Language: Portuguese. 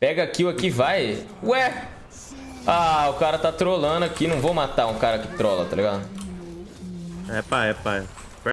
Pega kill aqui, vai. Ué! Ah, o cara tá trolando aqui. Não vou matar um cara que trola, tá ligado? É pá, é pá.